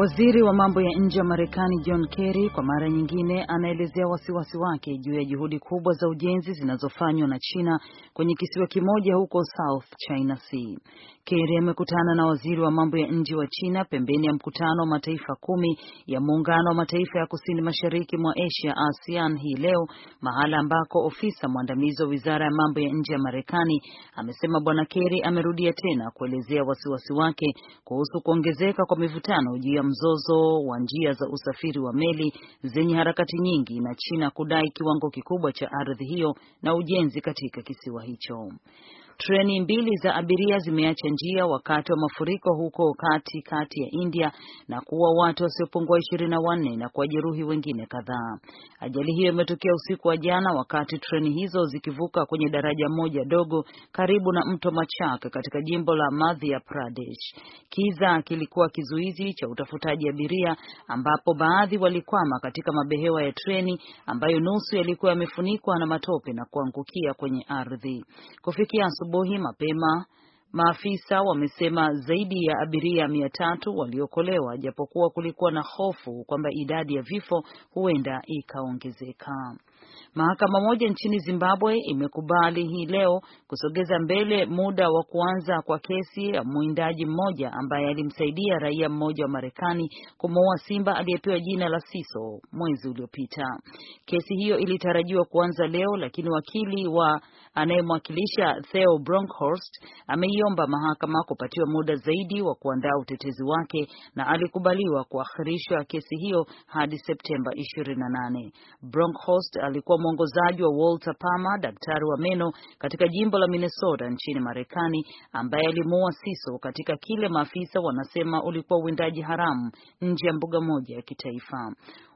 Waziri wa mambo ya nje wa Marekani John Kerry kwa mara nyingine anaelezea wasiwasi wake juu ya juhudi kubwa za ujenzi zinazofanywa na China kwenye kisiwa kimoja huko South China Sea. Kerry amekutana na waziri wa mambo ya nje wa China pembeni ya mkutano wa mataifa kumi ya muungano wa mataifa ya kusini mashariki mwa Asia ASEAN hii leo, mahala ambako ofisa mwandamizi wa wizara ya mambo ya nje ya Marekani amesema Bwana Kerry amerudia tena kuelezea wasiwasi wake kuhusu kuongezeka kwa mivutano juu ya mzozo wa njia za usafiri wa meli zenye harakati nyingi na China kudai kiwango kikubwa cha ardhi hiyo na ujenzi katika kisiwa hicho. Treni mbili za abiria zimeacha njia wakati wa mafuriko huko kati kati ya India na kuua watu wasiopungua ishirini na wanne na kuwajeruhi wengine kadhaa. Ajali hiyo imetokea usiku wa jana wakati treni hizo zikivuka kwenye daraja moja dogo karibu na mto Machak katika jimbo la Madhya Pradesh. Kiza kilikuwa kizuizi cha utafutaji abiria, ambapo baadhi walikwama katika mabehewa ya treni ambayo nusu yalikuwa yamefunikwa na matope na kuangukia kwenye ardhi. Kufikia asubuhi mapema, maafisa wamesema zaidi ya abiria mia tatu waliokolewa, japokuwa kulikuwa na hofu kwamba idadi ya vifo huenda ikaongezeka. Mahakama moja nchini Zimbabwe imekubali hii leo kusogeza mbele muda wa kuanza kwa kesi ya mwindaji mmoja ambaye alimsaidia raia mmoja wa Marekani kumuua simba aliyepewa jina la Siso mwezi uliopita. Kesi hiyo ilitarajiwa kuanza leo, lakini wakili wa anayemwakilisha Theo Bronkhorst ameiomba mahakama kupatiwa muda zaidi wa kuandaa utetezi wake na alikubaliwa kuahirishwa kesi hiyo hadi Septemba 28. Bronkhorst ali alikuwa mwongozaji wa Walter Palmer, daktari wa meno katika jimbo la Minnesota nchini Marekani, ambaye alimuua Siso katika kile maafisa wanasema ulikuwa uwindaji haramu nje ya mbuga moja ya kitaifa.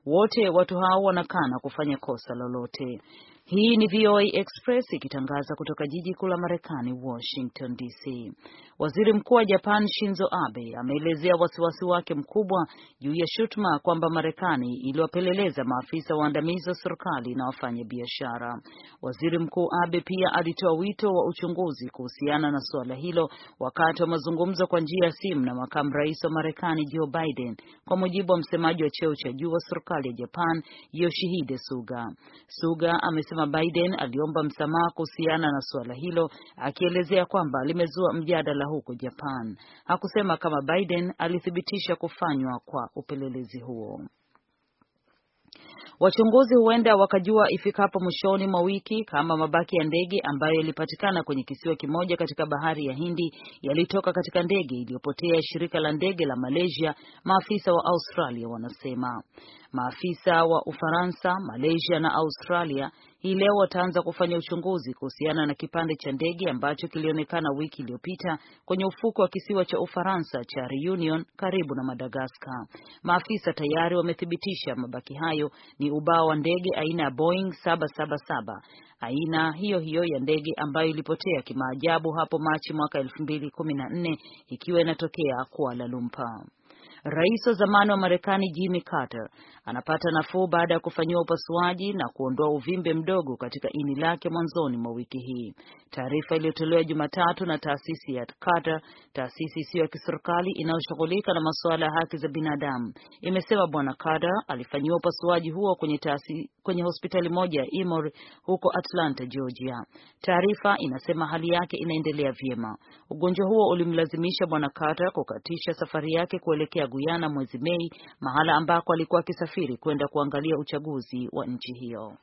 Wote watu hao wanakana kufanya kosa lolote. Hii ni VOA Express ikitangaza kutoka jiji kuu la Marekani, Washington DC. Waziri Mkuu wa Japan Shinzo Abe ameelezea wasiwasi wake mkubwa juu ya shutuma kwamba Marekani iliwapeleleza maafisa waandamizi wa serikali na wafanya biashara. Waziri Mkuu Abe pia alitoa wito wa uchunguzi kuhusiana na suala hilo wakati wa mazungumzo kwa njia ya simu na makamu rais wa Marekani Joe Biden, kwa mujibu wa msemaji wa cheo cha juu wa serikali serikali ya Japan Yoshihide Suga. Suga amesema Biden aliomba msamaha kuhusiana na suala hilo, akielezea kwamba limezua mjadala huko Japan. Hakusema kama Biden alithibitisha kufanywa kwa upelelezi huo. Wachunguzi huenda wakajua ifikapo mwishoni mwa wiki kama mabaki ya ndege ambayo yalipatikana kwenye kisiwa kimoja katika bahari ya Hindi yalitoka katika ndege iliyopotea shirika la ndege la Malaysia, maafisa wa Australia wanasema. Maafisa wa Ufaransa, Malaysia na Australia hii leo wataanza kufanya uchunguzi kuhusiana na kipande cha ndege ambacho kilionekana wiki iliyopita kwenye ufuko wa kisiwa cha Ufaransa cha Reunion karibu na Madagaskar. Maafisa tayari wamethibitisha mabaki hayo ni ubao wa ndege aina ya Boeing 777 aina hiyo hiyo ya ndege ambayo ilipotea kimaajabu hapo Machi mwaka 2014 ikiwa inatokea Kuala Lumpur. Rais wa zamani wa Marekani Jimmy Carter anapata nafuu baada ya kufanyiwa upasuaji na kuondoa uvimbe mdogo katika ini lake mwanzoni mwa wiki hii. Taarifa iliyotolewa Jumatatu na taasisi ya Carter, taasisi isiyo ya kiserikali inayoshughulika na masuala ya haki za binadamu, imesema Bwana Carter alifanyiwa upasuaji huo kwenye taasisi, kwenye hospitali moja ya Emory huko Atlanta, Georgia. Taarifa inasema hali yake inaendelea vyema. Ugonjwa huo ulimlazimisha Bwana Carter kukatisha safari yake kuelekea Guyana mwezi Mei, mahala ambako alikuwa akisafiri kwenda kuangalia uchaguzi wa nchi hiyo.